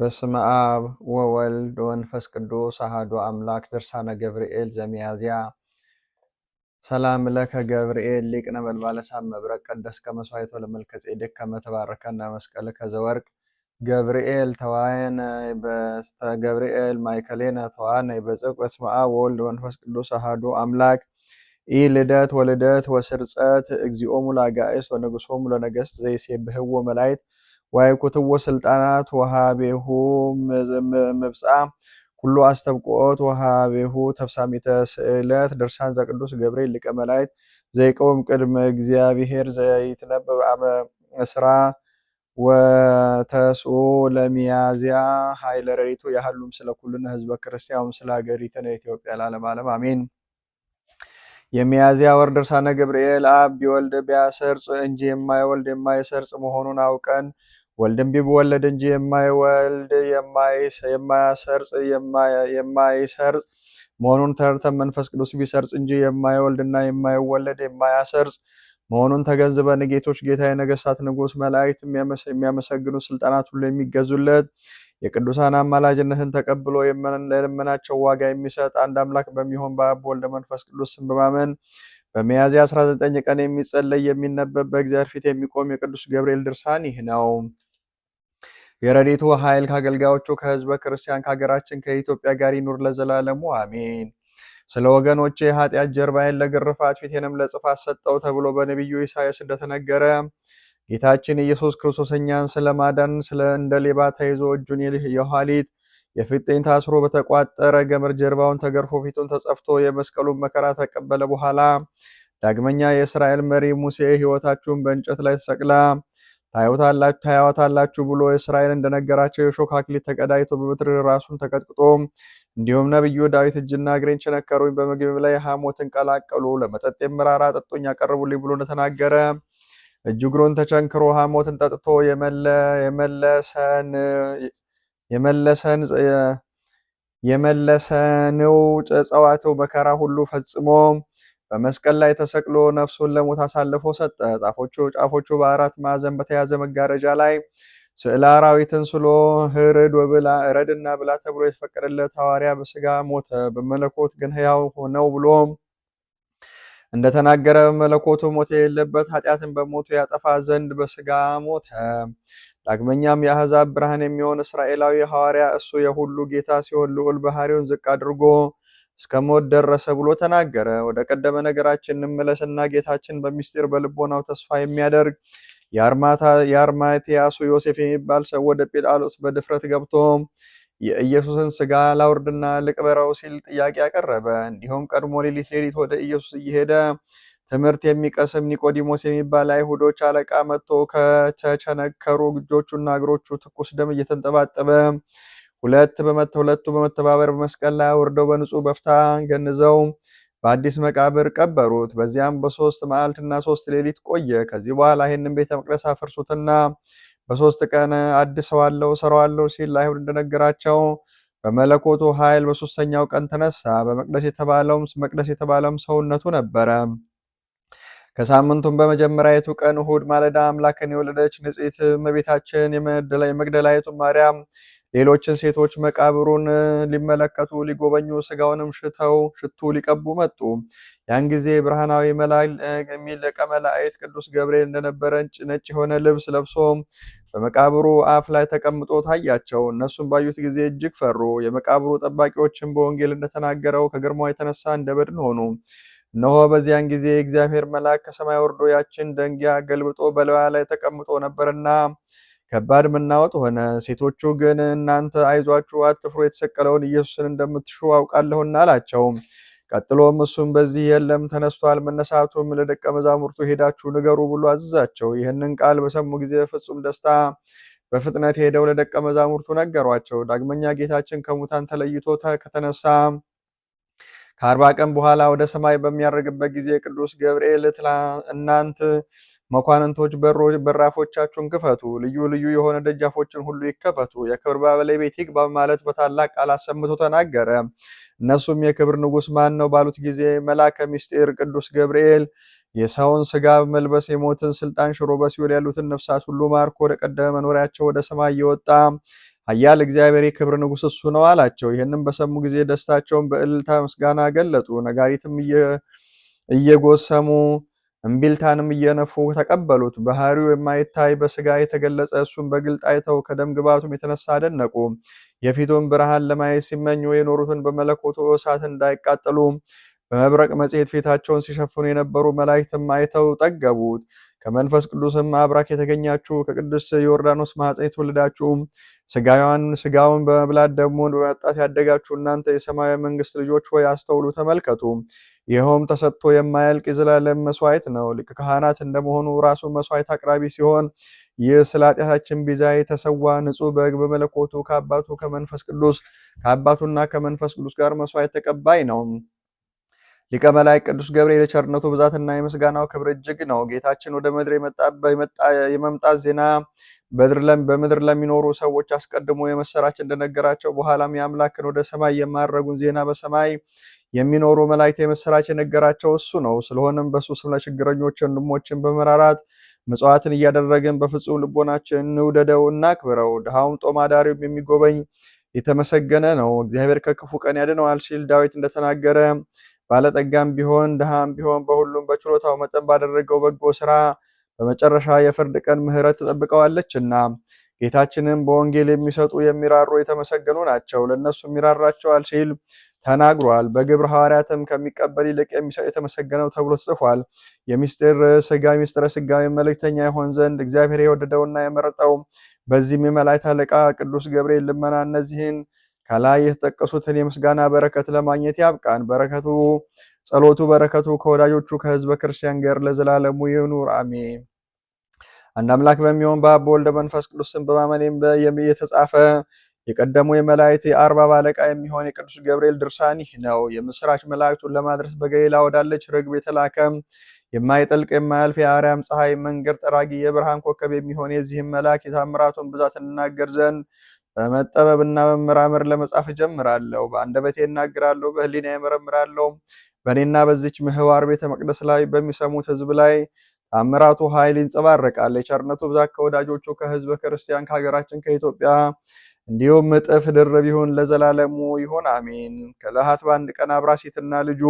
በስመ አብ ወወልድ ወንፈስ ቅዱስ አሐዱ አምላክ። ድርሳነ ገብርኤል ዘሚያዝያ ሰላም ለከ ገብርኤል ሊቅ ነበልባለ ሳብ መብረቅ ቀደስ ከመስዋዕቶ ለመልከ ጼዴቅ ከመተባረከ መስቀል ከዘወርቅ ገብርኤል ተዋየነ በስተ ገብርኤል ማይከሌነ ተዋነ በጽቅ በስመ አብ ወወልድ ወንፈስ ቅዱስ አሐዱ አምላክ ኢ ልደት ወልደት ወስርጸት እግዚኦሙ ላጋእስ ወንጉሶሙ ለነገስት ዘይሴብህዎ መላእክት ዋይኩትዎ ስልጣናት ወሃቤሁ ምብጻ ሁሉ አስተብቆት ወሃቤሁ ተፍሳሚተ ስዕለት ድርሳን ዘቅዱስ ገብርኤል ሊቀ መላእክት ዘይቀውም ቅድመ እግዚአብሔር ዘይትነበብ አመ እስራ ወተስዑ ለሚያዝያ ኃይለ ረሪቱ ያህሉም ስለ ኩልነ ህዝበ ክርስቲያኑም ስለ ሀገሪተ ኢትዮጵያ ለዓለመ ዓለም አሜን። የሚያዝያ ወር ድርሳነ ገብርኤል አብ ቢወልድ ቢያሰርጽ እንጂ የማይወልድ የማይሰርጽ መሆኑን አውቀን ወልድም ቢወለድ እንጂ የማይወልድ የማያሰርጽ የማይሰርጽ መሆኑን ተርተን መንፈስ ቅዱስ ቢሰርጽ እንጂ የማይወልድና የማይወለድ የማያሰርጽ መሆኑን ተገንዝበን ጌቶች ጌታ የነገስታት ንጉስ መላእክት የሚያመሰግኑ ስልጣናት ሁሉ የሚገዙለት የቅዱሳን አማላጅነትን ተቀብሎ ለልመናቸው ዋጋ የሚሰጥ አንድ አምላክ በሚሆን በአብ ወልደ መንፈስ ቅዱስ ስም በማመን በሚያዝያ 19 ቀን የሚጸለይ የሚነበብ በእግዚአብሔር ፊት የሚቆም የቅዱስ ገብርኤል ድርሳን ይህ ነው። የረዴቱ ኃይል ከአገልጋዮቹ ከህዝበ ክርስቲያን ከሀገራችን ከኢትዮጵያ ጋር ይኑር ለዘላለሙ አሜን። ስለ ወገኖቼ የኃጢአት ጀርባዬን ለግርፋት ፊቴንም ለጽፋት ሰጠው ተብሎ በነቢዩ ኢሳያስ እንደተነገረ ጌታችን ኢየሱስ ክርስቶስ እኛን ስለማዳን ስለ እንደ ሌባ ተይዞ እጁን የኋሊት የፍጤን ታስሮ በተቋጠረ ገመድ ጀርባውን ተገርፎ ፊቱን ተጸፍቶ የመስቀሉን መከራ ተቀበለ። በኋላ ዳግመኛ የእስራኤል መሪ ሙሴ ሕይወታችሁን በእንጨት ላይ ተሰቅላ ታያወታላችሁ ብሎ እስራኤል እንደነገራቸው የሾህ አክሊል ተቀዳጅቶ በበትር ራሱን ተቀጥቅጦ እንዲሁም ነብዩ ዳዊት እጅና እግሬን ቸነከሩኝ፣ በምግብ ላይ ሐሞትን ቀላቀሉ፣ ለመጠጥ የምራራ ጠጦኝ ያቀርቡልኝ ብሎ እንደተናገረ እጁ እግሩን ተቸንክሮ ሐሞትን ጠጥቶ የመለሰን የመለሰን የመለሰንው ጸዋትው መከራ ሁሉ ፈጽሞ በመስቀል ላይ ተሰቅሎ ነፍሱን ለሞት አሳልፎ ሰጠ። ጣፎቹ ጫፎቹ በአራት ማዕዘን በተያዘ መጋረጃ ላይ ስዕለ አራዊትን ስሎ ህርድ ወብላ ረድና ብላ ተብሎ የተፈቀደለት ሐዋርያ በስጋ ሞተ፣ በመለኮት ግን ሕያው ሆነው ብሎ እንደተናገረ መለኮቱ ሞት የሌለበት ኃጢአትን በሞቱ ያጠፋ ዘንድ በስጋ ሞተ። ዳግመኛም የአሕዛብ ብርሃን የሚሆን እስራኤላዊ ሐዋርያ እሱ የሁሉ ጌታ ሲሆን ልዑል ባህሪውን ዝቅ አድርጎ እስከሞት ደረሰ ብሎ ተናገረ። ወደ ቀደመ ነገራችን እንመለስና ጌታችን በሚስጢር በልቦናው ተስፋ የሚያደርግ የአርማትያሱ ዮሴፍ የሚባል ሰው ወደ ጲላጦስ በድፍረት ገብቶ የኢየሱስን ስጋ ላውርድና ልቅበረው ሲል ጥያቄ ያቀረበ፣ እንዲሁም ቀድሞ ሌሊት ሌሊት ወደ ኢየሱስ እየሄደ ትምህርት የሚቀስም ኒቆዲሞስ የሚባል አይሁዶች አለቃ መጥቶ ከተቸነከሩ እጆቹና እግሮቹ ትኩስ ደም እየተንጠባጠበ ሁለት ሁለቱ በመተባበር በመስቀል ላይ አውርደው በንጹህ በፍታ ገንዘው በአዲስ መቃብር ቀበሩት። በዚያም በሶስት መዓልትና ሶስት ሌሊት ቆየ። ከዚህ በኋላ ይህንን ቤተ መቅደስ አፍርሱትና በሶስት ቀን አድሰዋለሁ ሰራዋለሁ ሲል አይሁድ እንደነገራቸው በመለኮቱ ኃይል በሶስተኛው ቀን ተነሳ። በመቅደስ የተባለውም መቅደስ የተባለውም ሰውነቱ ነበረ። ከሳምንቱም የቱ ቀን እሁድ ማለዳ አምላክን የወለደች ንጽሕት እመቤታችን የመግደላዊቱ ማርያም ሌሎችን ሴቶች መቃብሩን ሊመለከቱ ሊጎበኙ ስጋውንም ሽተው ሽቱ ሊቀቡ መጡ። ያን ጊዜ ብርሃናዊ መልአክ መላእክት ቅዱስ ገብርኤል እንደነበረ ነጭ የሆነ ልብስ ለብሶ በመቃብሩ አፍ ላይ ተቀምጦ ታያቸው። እነሱም ባዩት ጊዜ እጅግ ፈሩ። የመቃብሩ ጠባቂዎችን በወንጌል እንደተናገረው ከግርማ የተነሳ እንደ በድን ሆኑ። እነሆ በዚያን ጊዜ እግዚአብሔር መልአክ ከሰማይ ወርዶ ያችን ደንጊያ ገልብጦ በለዋ ላይ ተቀምጦ ነበርና ከባድ መናወጥ ሆነ። ሴቶቹ ግን እናንተ አይዟችሁ፣ አትፍሩ፣ የተሰቀለውን ኢየሱስን እንደምትሹ አውቃለሁና አላቸው። ቀጥሎም እሱም በዚህ የለም ተነስቷል፣ መነሳቱም ለደቀ መዛሙርቱ ሄዳችሁ ንገሩ ብሎ አዘዛቸው። ይህንን ቃል በሰሙ ጊዜ ፍጹም ደስታ በፍጥነት ሄደው ለደቀ መዛሙርቱ ነገሯቸው። ዳግመኛ ጌታችን ከሙታን ተለይቶ ከተነሳ ከአርባ ቀን በኋላ ወደ ሰማይ በሚያርግበት ጊዜ ቅዱስ ገብርኤል እናንት መኳንንቶች በሮች በራፎቻችሁን ክፈቱ፣ ልዩ ልዩ የሆነ ደጃፎችን ሁሉ ይከፈቱ፣ የክብር ባለቤት ይግባ ማለት በታላቅ ቃል አሰምቶ ተናገረ። እነሱም የክብር ንጉሥ ማን ነው ባሉት ጊዜ መልአከ ምስጢር ቅዱስ ገብርኤል የሰውን ስጋ መልበስ የሞትን ስልጣን ሽሮ በሲኦል ያሉትን ነፍሳት ሁሉ ማርኮ ወደ ቀደመ መኖሪያቸው ወደ ሰማይ እየወጣ ኃያል እግዚአብሔር የክብር ንጉሥ እሱ ነው አላቸው። ይህንም በሰሙ ጊዜ ደስታቸውን በእልልታ ምስጋና ገለጡ። ነጋሪትም እየጎሰሙ እምቢልታንም እየነፉ ተቀበሉት። ባህሪው የማይታይ በስጋ የተገለጸ እሱም በግልጥ አይተው ከደም ግባቱም የተነሳ አደነቁ። የፊቱን ብርሃን ለማየት ሲመኙ የኖሩትን በመለኮቱ እሳት እንዳይቃጠሉ በመብረቅ መጽሔት ፊታቸውን ሲሸፍኑ የነበሩ መላእክትም አይተው ጠገቡት። ከመንፈስ ቅዱስም አብራክ የተገኛችሁ ከቅዱስ ዮርዳኖስ ማኅፀን የተወለዳችሁም ስጋዋን ስጋውን በመብላት ደሙን በመጠጣት ያደጋችሁ እናንተ የሰማያዊ መንግስት ልጆች ሆይ አስተውሉ፣ ተመልከቱ። ይኸውም ተሰጥቶ የማያልቅ የዘላለም መስዋዕት ነው። ሊቀ ካህናት እንደመሆኑ ራሱ መስዋዕት አቅራቢ ሲሆን ይህ ስለ ኃጢአታችን ቤዛ የተሰዋ ንጹሕ በግ በመለኮቱ ከአባቱ ከመንፈስ ቅዱስ ከአባቱና ከመንፈስ ቅዱስ ጋር መስዋዕት ተቀባይ ነው። ሊቀ መላእክት ቅዱስ ገብርኤል የቸርነቱ ብዛትና የምስጋናው ክብር እጅግ ነው። ጌታችን ወደ ምድር የመምጣት ዜና በምድር ለሚኖሩ ሰዎች አስቀድሞ የመሰራች እንደነገራቸው በኋላም የአምላክን ወደ ሰማይ የማረጉን ዜና በሰማይ የሚኖሩ መላእክት የመሰራች የነገራቸው እሱ ነው። ስለሆነም በእሱ ስም ለችግረኞች ወንድሞችን በመራራት ምጽዋትን እያደረግን በፍጹም ልቦናችን እንውደደው፣ እናክብረው። ድሃውም ጦማ አዳሪውም የሚጎበኝ የተመሰገነ ነው። እግዚአብሔር ከክፉ ቀን ያድነዋል ሲል ዳዊት እንደተናገረ ባለጠጋም ቢሆን ድሃም ቢሆን በሁሉም በችሎታው መጠን ባደረገው በጎ ስራ በመጨረሻ የፍርድ ቀን ምሕረት ትጠብቀዋለች ጌታችንም በወንጌል የሚሰጡ የሚራሩ የተመሰገኑ ናቸው ለእነሱ ይራራቸዋል ሲል ተናግሯል። በግብረ ሐዋርያትም ከሚቀበል ይልቅ የሚሰጥ የተመሰገነው ተብሎ ተጽፏል። የሚስጢር ስጋ ምስጢረ ስጋዊ መልእክተኛ ይሆን ዘንድ እግዚአብሔር የወደደውና የመረጠው በዚህም የመላእክት አለቃ ቅዱስ ገብርኤል ልመና እነዚህን ከላይ የተጠቀሱትን የምስጋና በረከት ለማግኘት ያብቃን። በረከቱ ጸሎቱ በረከቱ ከወዳጆቹ ከህዝበ ክርስቲያን ጋር ለዘላለሙ ይኑር አሜን። አንድ አምላክ በሚሆን በአብ ወልደ መንፈስ ቅዱስን በማመኔም የተጻፈ የቀደሙ የመላእክት የአርባ ባለቃ የሚሆን የቅዱስ ገብርኤል ድርሳን ይህ ነው። የምስራች መላእክቱን ለማድረስ በገሊላ ወዳለች ርግብ የተላከም የማይጠልቅ የማያልፍ የአርያም ፀሐይ መንገድ ጠራጊ የብርሃን ኮከብ የሚሆን የዚህም መልአክ የታምራቱን ብዛት እንናገር ዘንድ በመጠበብና መመራመር ለመጻፍ እጀምራለሁ። በአንደበቴ እናገራለሁ፣ በህሊና የምረምራለሁ በእኔና በዚች ምህዋር ቤተ መቅደስ ላይ በሚሰሙት ህዝብ ላይ ታምራቱ ኃይል ይንጸባረቃል። የቸርነቱ ብዛት ከወዳጆቹ ከህዝበ ክርስቲያን ከሀገራችን ከኢትዮጵያ እንዲሁም እጥፍ ድርብ ይሁን ለዘላለሙ ይሁን አሜን። ከለሃት በአንድ ቀን አብራሲትና ልጁ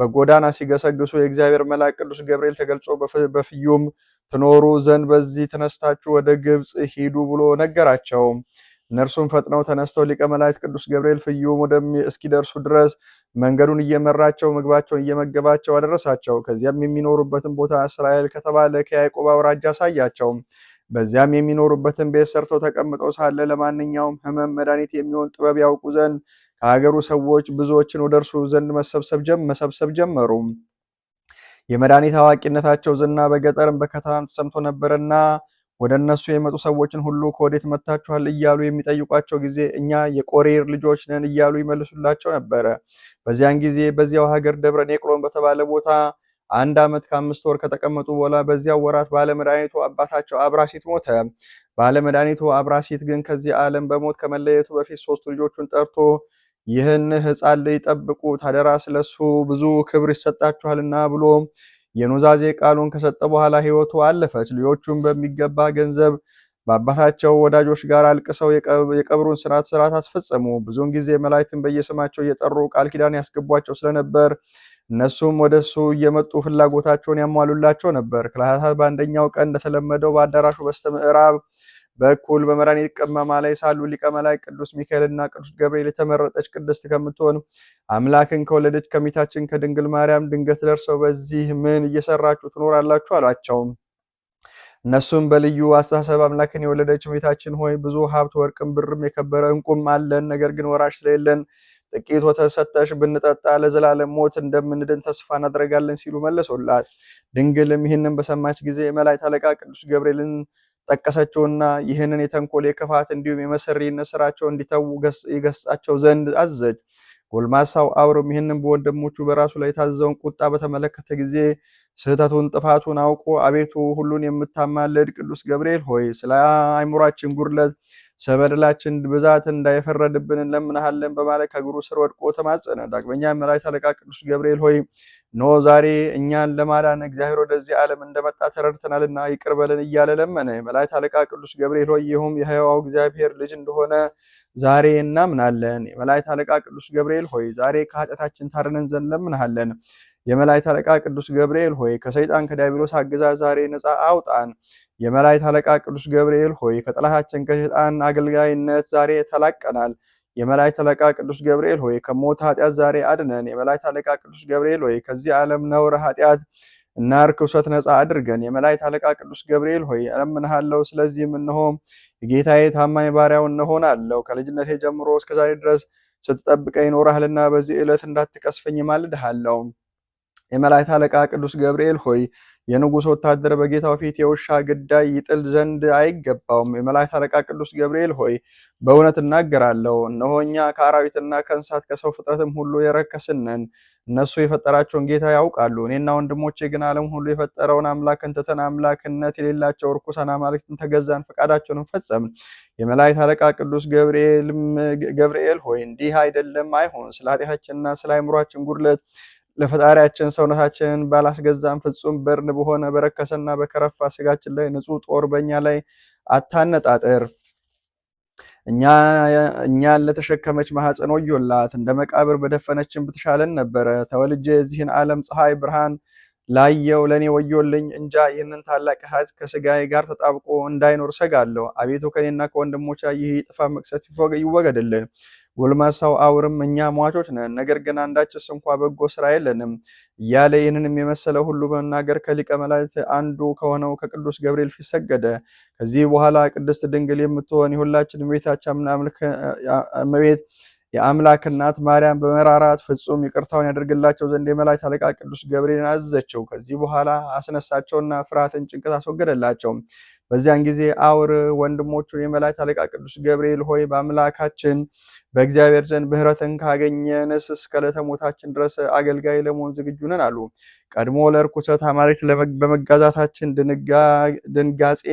በጎዳና ሲገሰግሱ የእግዚአብሔር መልአክ ቅዱስ ገብርኤል ተገልጾ በፍዩም ትኖሩ ዘንድ በዚህ ተነስታችሁ ወደ ግብፅ ሂዱ ብሎ ነገራቸው። እነርሱም ፈጥነው ተነስተው ሊቀ መላእክት ቅዱስ ገብርኤል ፍዩም ወደም እስኪደርሱ ድረስ መንገዱን እየመራቸው ምግባቸውን እየመገባቸው አደረሳቸው። ከዚያም የሚኖሩበትን ቦታ እስራኤል ከተባለ ከያዕቆብ አውራጃ አሳያቸው። በዚያም የሚኖሩበትን ቤት ሰርተው ተቀምጠው ሳለ ለማንኛውም ሕመም መድኃኒት የሚሆን ጥበብ ያውቁ ዘንድ ከሀገሩ ሰዎች ብዙዎችን ወደ እርሱ ዘንድ መሰብሰብ ጀመሩ። የመድኃኒት አዋቂነታቸው ዝና በገጠርም በከተማም ተሰምቶ ነበርና ወደ እነሱ የመጡ ሰዎችን ሁሉ ከወዴት መጥታችኋል እያሉ የሚጠይቋቸው ጊዜ እኛ የቆሬር ልጆች ነን እያሉ ይመልሱላቸው ነበረ። በዚያን ጊዜ በዚያው ሀገር ደብረ ኔቅሎን በተባለ ቦታ አንድ ዓመት ከአምስት ወር ከተቀመጡ በኋላ በዚያው ወራት ባለመድኃኒቱ አባታቸው አብራሲት ሞተ። ባለመድኃኒቱ አብራሲት ግን ከዚህ ዓለም በሞት ከመለየቱ በፊት ሶስቱ ልጆቹን ጠርቶ ይህን ሕፃን ልጅ ጠብቁት፣ ስለሱ ብዙ ክብር ይሰጣችኋልና ብሎ የኑዛዜ ቃሉን ከሰጠ በኋላ ህይወቱ አለፈች። ልጆቹን በሚገባ ገንዘብ በአባታቸው ወዳጆች ጋር አልቅሰው የቀብሩን ስርዓት ስርዓት አስፈጸሙ። ብዙውን ጊዜ መላእክትን በየስማቸው እየጠሩ ቃል ኪዳን ያስገቧቸው ስለነበር እነሱም ወደ እሱ እየመጡ ፍላጎታቸውን ያሟሉላቸው ነበር። ከዕለታት በአንደኛው ቀን እንደተለመደው በአዳራሹ በስተ ምዕራብ በኩል በመድኃኒት ቅመማ ላይ ሳሉ ሊቀ መላእክት ቅዱስ ሚካኤልና ቅዱስ ገብርኤል የተመረጠች ቅድስት ከምትሆን አምላክን ከወለደች ከሚታችን ከድንግል ማርያም ድንገት ደርሰው በዚህ ምን እየሰራችሁ ትኖራላችሁ? አሏቸው። እነሱም በልዩ አስተሳሰብ አምላክን የወለደች እመቤታችን ሆይ ብዙ ሀብት ወርቅም ብርም የከበረ እንቁም አለን፣ ነገር ግን ወራሽ ስለሌለን ጥቂት ወተት ሰጥተሽ ብንጠጣ ለዘላለም ሞት እንደምንድን ተስፋ እናደርጋለን ሲሉ መለሶላት። ድንግልም ይህንን በሰማች ጊዜ የመላእክት አለቃ ቅዱስ ገብርኤልን ጠቀሰችውና ይህንን የተንኮል የክፋት እንዲሁም የመሰሪነት ስራቸው እንዲተዉ ይገሳቸው ዘንድ አዘች። ጎልማሳው አብሮም ይህንን በወንድሞቹ በራሱ ላይ የታዘውን ቁጣ በተመለከተ ጊዜ ስህተቱን ጥፋቱን አውቆ አቤቱ ሁሉን የምታማልድ ቅዱስ ገብርኤል ሆይ ስለ አይምሯችን ጉድለት ሰበደላችን ብዛት እንዳይፈረድብን እንለምናሃለን በማለት ከእግሩ ስር ወድቆ ተማጸነ። ዳግመኛ መላእክት አለቃ ቅዱስ ገብርኤል ሆይ ኖ ዛሬ እኛን ለማዳን እግዚአብሔር ወደዚህ ዓለም እንደመጣ ተረድተናልና ይቅር በለን እያለ ለመነ። መላእክት አለቃ ቅዱስ ገብርኤል ሆይ ይሁም የሕያው እግዚአብሔር ልጅ እንደሆነ ዛሬ እናምናለን። የመላእክት አለቃ ቅዱስ ገብርኤል ሆይ ዛሬ ከኃጢአታችን ታርነን ዘንድ ለምንሃለን። የመላእክት አለቃ ቅዱስ ገብርኤል ሆይ ከሰይጣን ከዲያብሎስ አገዛዝ ዛሬ ነፃ አውጣን። የመላእክት አለቃ ቅዱስ ገብርኤል ሆይ ከጠላታችን ከሰይጣን አገልጋይነት ዛሬ ተላቀናል። የመላእክት አለቃ ቅዱስ ገብርኤል ሆይ ከሞት ኃጢአት ዛሬ አድነን። የመላእክት አለቃ ቅዱስ ገብርኤል ሆይ ከዚህ ዓለም ነውር ኃጢአት እና ርኩሰት ነፃ አድርገን። የመላእክት አለቃ ቅዱስ ገብርኤል ሆይ እለምንሃለሁ። ስለዚህም እነሆ የጌታዬ ታማኝ ባሪያው እንሆናለሁ። ከልጅነቴ ጀምሮ እስከዛሬ ድረስ ስትጠብቀኝ ኖረሃልና በዚህ ዕለት እንዳትቀስፈኝ እማልድሃለሁ። የመላእክት አለቃ ቅዱስ ገብርኤል ሆይ የንጉሥ ወታደር በጌታው ፊት የውሻ ግዳይ ይጥል ዘንድ አይገባውም። የመላእክት አለቃ ቅዱስ ገብርኤል ሆይ በእውነት እናገራለሁ፣ እነሆ እኛ ከአራዊትና ከእንስሳት ከሰው ፍጥረትም ሁሉ የረከስነን፣ እነሱ የፈጠራቸውን ጌታ ያውቃሉ። እኔና ወንድሞቼ ግን ዓለም ሁሉ የፈጠረውን አምላክን ትተን አምላክነት የሌላቸው እርኩሳን አማልክትን ተገዛን፣ ፈቃዳቸውንም ፈጸምን። የመላእክት አለቃ ቅዱስ ገብርኤል ሆይ እንዲህ አይደለም፣ አይሆን ስለ ኃጢአታችንና ስለ አይምሯችን ጉድለት ለፈጣሪያችን ሰውነታችንን ባላስገዛም ፍጹም በርን በሆነ በረከሰና በከረፋ ስጋችን ላይ ንጹህ ጦር በእኛ ላይ አታነጣጥር። እኛን ለተሸከመች ማህፀን ወዮላት፣ እንደ መቃብር በደፈነችን ብትሻለን ነበረ። ተወልጄ የዚህን ዓለም ፀሐይ ብርሃን ላየው ለእኔ ወዮልኝ እንጃ። ይህንን ታላቅ ሀዝ ከስጋዬ ጋር ተጣብቆ እንዳይኖር ሰጋለሁ። አቤቱ ከኔና ከወንድሞቻ ይህ ጥፋት መቅሰፍት ይወገድልን። ጎልማሳው አውርም እኛ ሟቾች ነን፣ ነገር ግን አንዳችስ እንኳ በጎ ስራ የለንም እያለ ይህንንም የመሰለ ሁሉ በመናገር ከሊቀ መላእክት አንዱ ከሆነው ከቅዱስ ገብርኤል ፊት ሰገደ። ከዚህ በኋላ ቅድስት ድንግል የምትሆን የሁላችን ቤታችን እመቤት የአምላክ እናት ማርያም በመራራት ፍጹም ይቅርታውን ያደርግላቸው ዘንድ የመላእክት አለቃ ቅዱስ ገብርኤልን አዘዘቸው። ከዚህ በኋላ አስነሳቸውና ፍርሃትን ጭንቀት አስወገደላቸው። በዚያን ጊዜ አውር ወንድሞቹን የመላእክት አለቃ ቅዱስ ገብርኤል ሆይ በአምላካችን በእግዚአብሔር ዘንድ ምሕረትን ካገኘንስ እስከ ለተሞታችን ድረስ አገልጋይ ለመሆን ዝግጁ ነን አሉ። ቀድሞ ለርኩሰት አማሪት በመጋዛታችን ድንጋጼ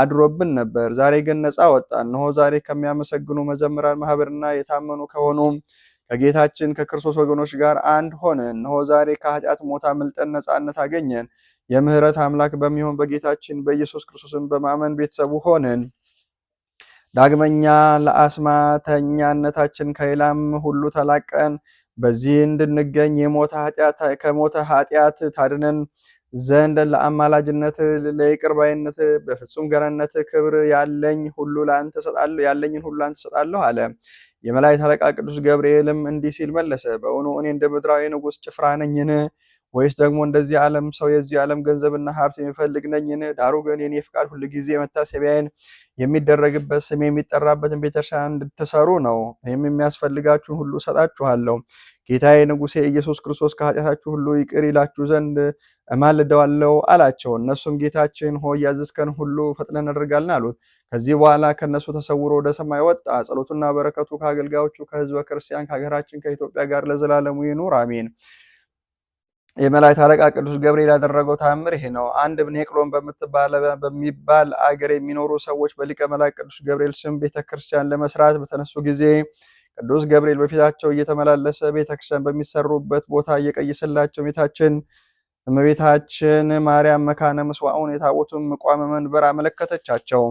አድሮብን ነበር። ዛሬ ግን ነፃ ወጣን። እነሆ ዛሬ ከሚያመሰግኑ መዘምራን ማህበርና የታመኑ ከሆኑም ከጌታችን ከክርስቶስ ወገኖች ጋር አንድ ሆነ። እነሆ ዛሬ ከኃጢአት ሞት አምልጠን ነፃነት አገኘን። የምህረት አምላክ በሚሆን በጌታችን በኢየሱስ ክርስቶስን በማመን ቤተሰቡ ሆንን። ዳግመኛ ለአስማተኛነታችን ከሌላም ሁሉ ተላቀን በዚህ እንድንገኝ ከሞተ ኃጢአት ታድነን ዘንድ ለአማላጅነት ለይቅር በፍጹም ገናነት ክብር ያለኝ ሁሉ ለአንተ እሰጣለሁ ያለኝን ሁሉ ለአንተ እሰጣለሁ አለ። የመላእክት አለቃ ቅዱስ ገብርኤልም እንዲህ ሲል መለሰ፣ በእውኑ እኔ እንደ ምድራዊ ንጉሥ ጭፍራ ነኝን? ወይስ ደግሞ እንደዚህ ዓለም ሰው የዚህ ዓለም ገንዘብና ሀብት የሚፈልግ ነኝን? ዳሩ ግን የኔ ፍቃድ ሁል ጊዜ መታሰቢያዬን የሚደረግበት ስም የሚጠራበትን ቤተክርስቲያን እንድትሰሩ ነው። እኔም የሚያስፈልጋችሁን ሁሉ እሰጣችኋለሁ። ጌታዬ ንጉሴ ኢየሱስ ክርስቶስ ከኃጢአታችሁ ሁሉ ይቅር ይላችሁ ዘንድ እማልደዋለሁ አላቸው። እነሱም ጌታችን ሆይ ያዘዝከን ሁሉ ፈጥነን እናደርጋለን አሉት። ከዚህ በኋላ ከነሱ ተሰውሮ ወደ ሰማይ ወጣ። ጸሎቱና በረከቱ ከአገልጋዮቹ ከህዝበ ክርስቲያን ከሀገራችን ከኢትዮጵያ ጋር ለዘላለሙ ይኑር አሜን። የመላእክት አለቃ ቅዱስ ገብርኤል ያደረገው ተአምር ይሄ ነው። አንድ ኔቅሎን በምትባለ በሚባል አገር የሚኖሩ ሰዎች በሊቀ መላእክት ቅዱስ ገብርኤል ስም ቤተክርስቲያን ለመስራት በተነሱ ጊዜ ቅዱስ ገብርኤል በፊታቸው እየተመላለሰ ቤተክርስቲያን በሚሰሩበት ቦታ እየቀየሰላቸው ቤታችን እመቤታችን ማርያም መካነ ምስዋዕን የታቦቱን መቋመ መንበር አመለከተቻቸው።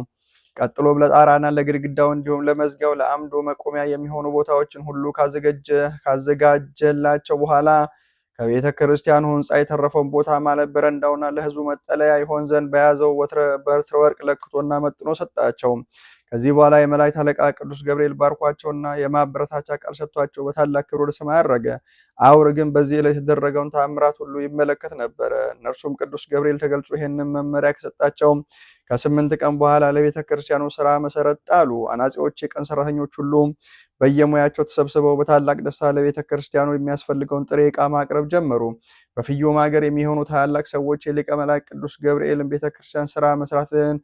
ቀጥሎ ለጣራና ለግድግዳው እንዲሁም ለመዝጊያው ለአምዶ መቆሚያ የሚሆኑ ቦታዎችን ሁሉ ካዘጋጀላቸው በኋላ ከቤተ ክርስቲያኑ ህንፃ የተረፈውን ቦታ ማለት በረንዳውና ለህዝቡ መጠለያ ይሆን ዘንድ በያዘው በትረ ወርቅ ለክቶና መጥኖ ሰጣቸው። ከዚህ በኋላ የመላእክት አለቃ ቅዱስ ገብርኤል ባርኳቸውና የማበረታቻ ቃል ሰጥቷቸው በታላቅ ክብር ወደ ሰማይ አረገ። አውር ግን በዚህ ላይ የተደረገውን ተአምራት ሁሉ ይመለከት ነበረ። እነርሱም ቅዱስ ገብርኤል ተገልጾ ይህንን መመሪያ ከሰጣቸው ከስምንት ቀን በኋላ ለቤተ ክርስቲያኑ ስራ መሰረት ጣሉ። አናጺዎች፣ የቀን ሰራተኞች ሁሉ በየሙያቸው ተሰብስበው በታላቅ ደስታ ለቤተ ክርስቲያኑ የሚያስፈልገውን ጥሬ ዕቃ ማቅረብ ጀመሩ። በፍዮም ሀገር የሚሆኑ ታላላቅ ሰዎች የሊቀ መላእክት ቅዱስ ገብርኤልን ቤተ ክርስቲያን ስራ መስራትን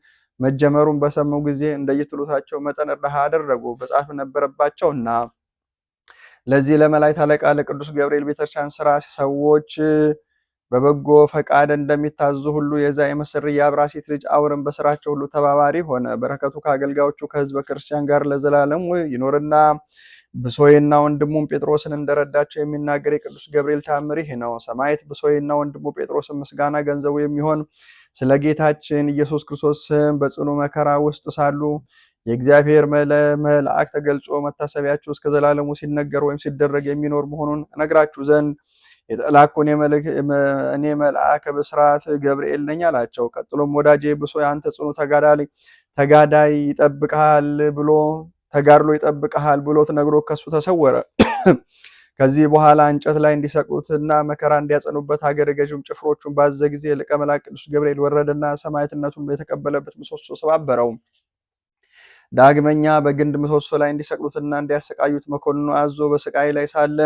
መጀመሩን በሰሙ ጊዜ እንደየትሉታቸው መጠን እርዳሃ አደረጉ። በጻፍ ነበረባቸውና ለዚህ ለመላእክት አለቃ ለቅዱስ ገብርኤል ቤተክርስቲያን ስራ ሰዎች በበጎ ፈቃድ እንደሚታዙ ሁሉ የዛይ ምስር ሴት ልጅ አውርን በስራቸው ሁሉ ተባባሪ ሆነ። በረከቱ ከአገልጋዮቹ ከህዝበ ክርስቲያን ጋር ለዘላለሙ ይኖርና ብሶይና ወንድሙም ጴጥሮስን እንደረዳቸው የሚናገር የቅዱስ ገብርኤል ታምር ይህ ነው። ሰማዕት ብሶይና ወንድሙ ጴጥሮስን ምስጋና ገንዘቡ የሚሆን ስለ ጌታችን ኢየሱስ ክርስቶስ ስም በጽኑ መከራ ውስጥ ሳሉ የእግዚአብሔር መልአክ ተገልጾ መታሰቢያቸው እስከ ዘላለሙ ሲነገር ወይም ሲደረግ የሚኖር መሆኑን እነግራችሁ ዘንድ የተላኩን እኔ መልአከ ብስራት ገብርኤል ነኝ አላቸው። ቀጥሎም ወዳጄ ብሶ የአንተ ጽኑ ተጋዳይ ይጠብቅሃል ብሎ ተጋድሎ ይጠብቅሃል ብሎ ነግሮ ከሱ ተሰወረ። ከዚህ በኋላ እንጨት ላይ እንዲሰቅሉትና መከራ እንዲያጸኑበት ሀገረ ገዥም ጭፍሮቹን ባዘ ጊዜ ሊቀ መላእክት ቅዱስ ገብርኤል ወረደና ሰማዕትነቱን የተቀበለበት ምሰሶ ሰባበረው። ዳግመኛ በግንድ ምሰሶ ላይ እንዲሰቅሉትና እንዲያሰቃዩት መኮንኑ አዞ በስቃይ ላይ ሳለ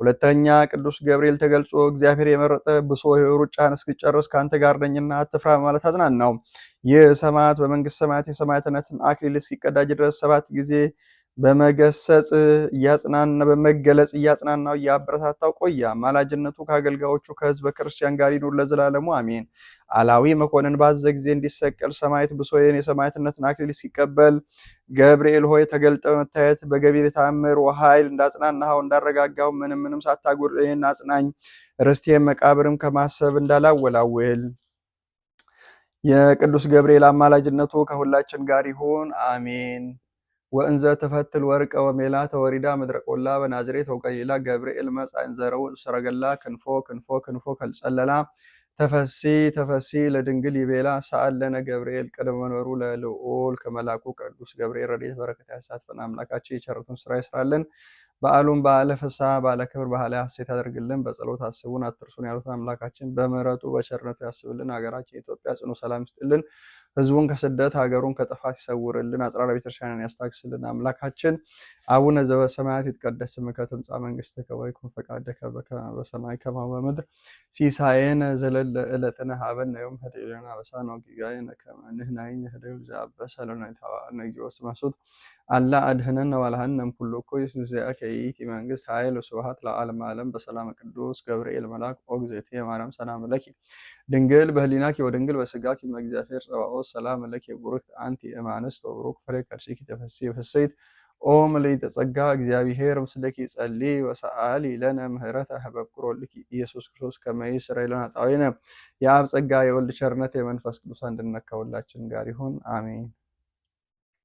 ሁለተኛ ቅዱስ ገብርኤል ተገልጾ እግዚአብሔር የመረጠ ብሶ ሩጫህን እስክጨርስ ከአንተ ጋር ነኝና አትፍራ ማለት ነው። ይህ ሰማዕት በመንግስት ሰማያት የሰማዕትነትን አክሊል እስኪቀዳጅ ድረስ ሰባት ጊዜ በመገሰጽ እያጽናና በመገለጽ እያጽናናው እያበረታታው ቆየ። አማላጅነቱ ከአገልጋዮቹ ከህዝበ ክርስቲያን ጋር ይኑር ለዘላለሙ አሜን። አላዊ መኮንን ባዘ ጊዜ እንዲሰቀል ሰማዕት ብሶዬን የሰማዕትነትን አክሊል ሲቀበል ገብርኤል ሆይ ተገልጠ መታየት በገቢር ታምር ወኃይል እንዳጽናናኸው እንዳረጋጋው ምንም ምንም ሳታጉርን አጽናኝ፣ ርስቴን መቃብርም ከማሰብ እንዳላወላውል የቅዱስ ገብርኤል አማላጅነቱ ከሁላችን ጋር ይሁን አሜን። ወእንዘ ትፈትል ወርቀ ወሜላ ተወሪዳ ምድረ ቆላ በናዝሬት ወቀሊላ ገብርኤል መጻ እንዘረው ሰረገላ ክንፎ ክንፎ ክንፎ ከልጸለላ ተፈሲ ተፈሲ ለድንግል ይቤላ ለነ ገብርኤል ቅድመ መንበሩ ለልዑል ከመላኩ ቅዱስ ገብርኤል ረድኤት በረከት ያሳትፈን። አምላካችን የቸሩትን ስራ ይስራልን። በዓሉን በዓለ ፍስሐ በዓለ ክብር በዓለ ሐሴት ያደርግልን። በጸሎት አስቡን አትርሱን ያሉትን አምላካችን በምሕረቱ በቸርነቱ ያስብልን። ሀገራችን ኢትዮጵያ ጽኑ ሰላም ይስጥልን። ህዝቡን ከስደት ሀገሩን ከጥፋት ይሰውርልን፣ አጽራረ ቤተክርስቲያንን ያስታግስልን። አምላካችን አቡነ ዘበሰማያት ይትቀደስ ስምከ ትምጻእ መንግሥትከ ወይኩን ፈቃድከ በከመ በሰማይ ከማሁ በምድር ሲሳየነ ዘለለ ዕለትነ ሀበነ ዮም ኅድግ አበሳነ ወጌጋየነ ከመ ንሕናይን ኅድግ ዘአበሰሎን የተባነ ጊዮስ መሱት አላ አድህነነ ወላሃነ ኩሉ እኩይ እስመ ዚአከ ይእቲ መንግሥት ኃይል ወስብሐት ለዓለመ ዓለም። በሰላም ቅዱስ ገብርኤል መልአክ ኦ እግዝእትየ ማርያም ሰላም ለኪ ድንግል በህሊናኪ ወድንግል በስጋኪ እመ እግዚአብሔር ጸባኦት ወሰላም ለኪ ቡርክት አንቲ እማንስት ወብሩክ ፍሬ ከርሲኪ ተፈሥሒ ፍሥሕት ኦ ምልዕተ ጸጋ እግዚአብሔር ምስለኪ ጸልይ ወሰአሊ ለነ ምህረተ ሀበ ፍቁር ኢየሱስ ክርስቶስ ከመ ይሥረይ ለነ ኃጣውኢነ። የአብ ጸጋ የወልድ ቸርነት የመንፈስ ቅዱስ አንድነት ከሁላችን ጋር ይሁን አሜን።